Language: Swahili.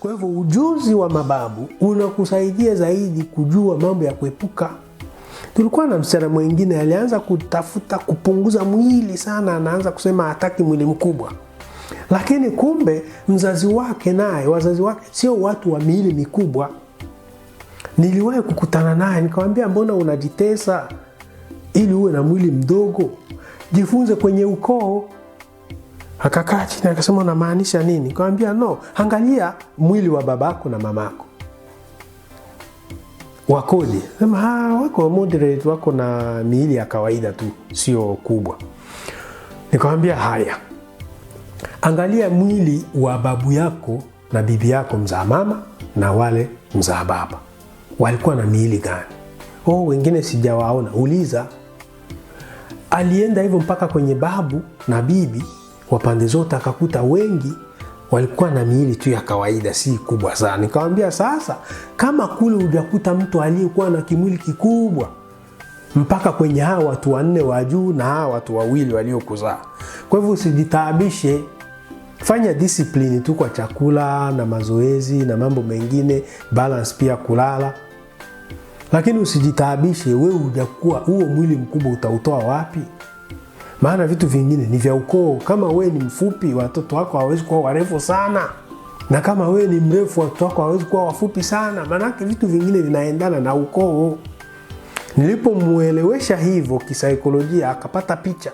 Kwa hivyo ujuzi wa mababu unakusaidia zaidi kujua mambo ya kuepuka. Tulikuwa na msichana mwingine alianza kutafuta kupunguza mwili sana, anaanza kusema hataki mwili mkubwa, lakini kumbe mzazi wake naye, wazazi wake sio watu wa miili mikubwa. Niliwahi kukutana naye nikamwambia, mbona unajitesa ili uwe na mwili mdogo? Jifunze kwenye ukoo. Akakaa chini akasema, unamaanisha nini? Kawambia, no, angalia mwili wa babako na mamako wakoje? Sema ha, ah, wako moderate, wako na miili ya kawaida tu, sio kubwa. Nikawambia haya, angalia mwili wa babu yako na bibi yako mzaa mama na wale mzaa baba walikuwa na miili gani? Oh, wengine sijawaona. Uliza. Alienda hivyo mpaka kwenye babu na bibi wa pande zote, akakuta wengi walikuwa na miili tu ya kawaida, si kubwa sana. Nikamwambia sasa, kama kule ujakuta mtu aliyekuwa na kimwili kikubwa mpaka kwenye hawa watu wanne wa juu na hawa watu wawili waliokuzaa. Kwa hivyo usijitaabishe, fanya disiplini tu kwa chakula na mazoezi na mambo mengine, balance pia kulala, lakini usijitaabishe. Wewe ujakuwa huo mwili mkubwa utautoa wapi? maana vitu vingine ni vya ukoo. Kama wewe ni mfupi, watoto wako hawawezi kuwa warefu sana, na kama wewe ni mrefu, watoto wako hawawezi kuwa wafupi sana, maanake vitu vingine vinaendana na ukoo. Nilipomwelewesha hivyo kisaikolojia, akapata picha.